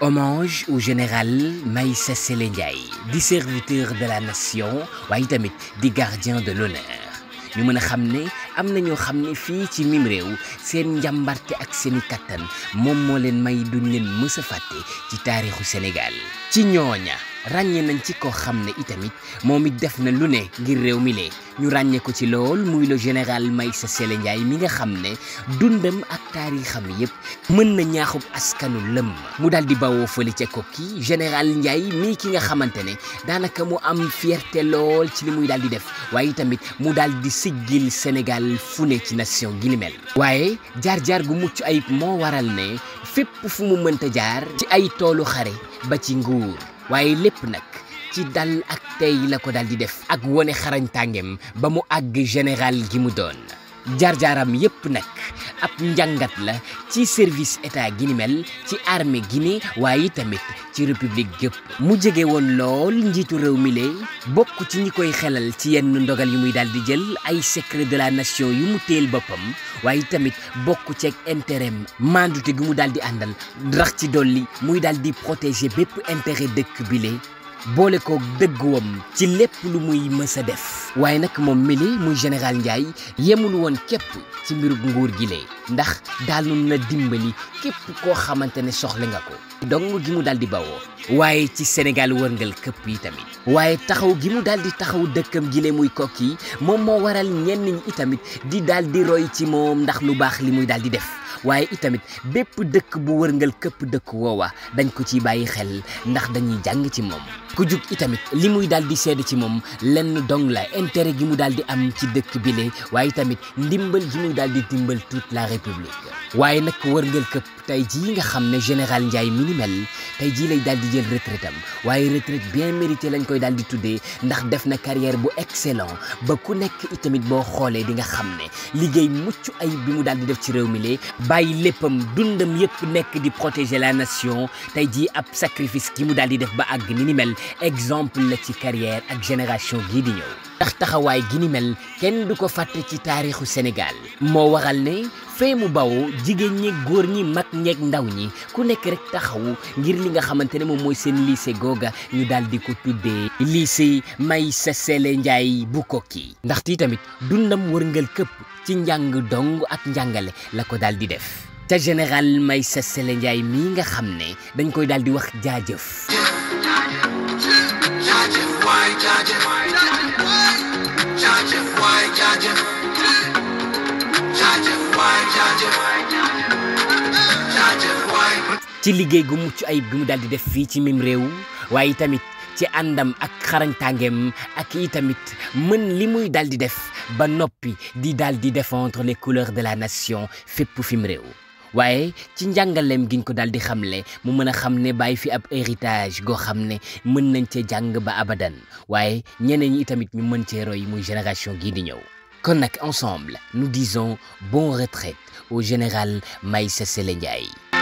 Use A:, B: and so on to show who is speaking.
A: hommage au général may Sélé Ndiaye di serviteur de la nation waaye tamit di gardien de l'honneur ñu mën a xam ne am na ñoo xam ne fii ci mim réew seen njàmbarte ak seeni kattan moom moo leen may duñ leen mës fàtte ci taarixu Sénégal ci ñooña ràññee nañ ci ko xam ne itamit moom it def na lu ne ngir réew mi lee ñu ràññee ko ci lool muy le général sa Sélé Ndiaye mi nga xam ne dundam ak taarixam yépp mën na ñaaxub askanu lëmm mu daal di bawoo fële ko kokki général Ndiaye mii ki nga xamante ne daanaka mu am fierte lool ci li muy daal di def waaye tamit mu daal di siggil Sénégal fu ne ci nation gilimel waaye jaar-jaar gu mucc ayib moo waral ne fépp fu mu mënta jaar ci ay toolu xare ba ci nguur waaye lépp nag ci dal ak tey la ko daal di def ak wone xarañtàngem ba mu àgg général gi mu doon jaar-jaaram yëpp nag ab njàngat la ci service état gi ni mel ci armée Guinée waaye tamit ci république gépp mu jege woon lool njiitu réew mi lee bokk ci ñi koy xelal ci yenn ndogal yu muy daal di jël ay secret de la nation yi mu teel boppam waaye tamit bokk ceeg intérêt mandute gi mu daal di àndal rax ci dolli muy daal di protéger bépp intérêt dëkk bi lee boole ko dëgguwam ci lépp lu muy mës def waaye nag moom mili muy général Ndiaye yemul woon képp ci mbirub nguur gi lee ndax daal na dimbali képp koo xamante ne soxla nga ko dong gi mu daal di bawoo waaye ci Sénégal wërngal këpp yi tamit waaye taxaw gi mu daal di taxaw dëkkam gi muy kokki yi moom moo waral ñenn ñi itamit di daal di roy ci moom ndax lu baax li muy daal di def waaye itamit bépp dëkk bu wërngal këpp dëkk woowa dañ ko ciy bàyyi xel ndax dañuy jàng ci moom ku jug itamit li muy daal ci moom tere gi mu daal di am ci dëkk bile waaye tamit ndimbal gi mu daal di dimbal toute la république waaye nag wërngal këpp tey jii nga xam ne général Ndiaye mi ni mel tey jii lay daal di jël retraitam waaye retraite bien mérité lañ koy daal di tuddee ndax def na carrière bu excellent ba ku nekk itamit boo xoolee di nga xam ne liggéey mucc ayib bi mu daal di def ci réew mi lee bàyyi léppam dundam yépp nekk di protéger la nation tey jii ab sacrifice ki mu daal di def ba àgg ni ni exemple la ci carrière ak génération gii di ñëw taxawaay gini mel kenn du ko fàtte ci taarixu Sénégal moo waxal ne fee mu bawoo jigéen ñi góor ñi mag ñeeg ndaw ñi ku nekk rek taxawu ngir li nga xamante ne moom mooy seen lycée googa ñu daal di ko tuddee may Maïssa Sélé Ndiaye bu Kokki ndaxte tamit dundam wërngal këpp ci njàng dong ak njàngale la ko daal di def te may Maïssa Sélé Ndiaye mii nga xam ne dañ koy daal di wax jaajëf ci liggéey gu mucc ayib bi mu daal di def fii ci mim réew waaye tamit ci àndam ak xarañtàngeem ak i tamit mën li muy daal di def ba noppi di daal di défendre les couleurs de la nation fépp fim réew waaye ci njàngaleem giñ ko daal di le mu mën a xam ne bàyyi fi ab héritage goo xam ne mën nañ cee jàng ba abadan waaye ñeneen ñi itamit ñu mën cee roy muy génération gii di ñëw. kon nag ensemble nous disons bonne retraite au général Maïssa Sélé Ndiaye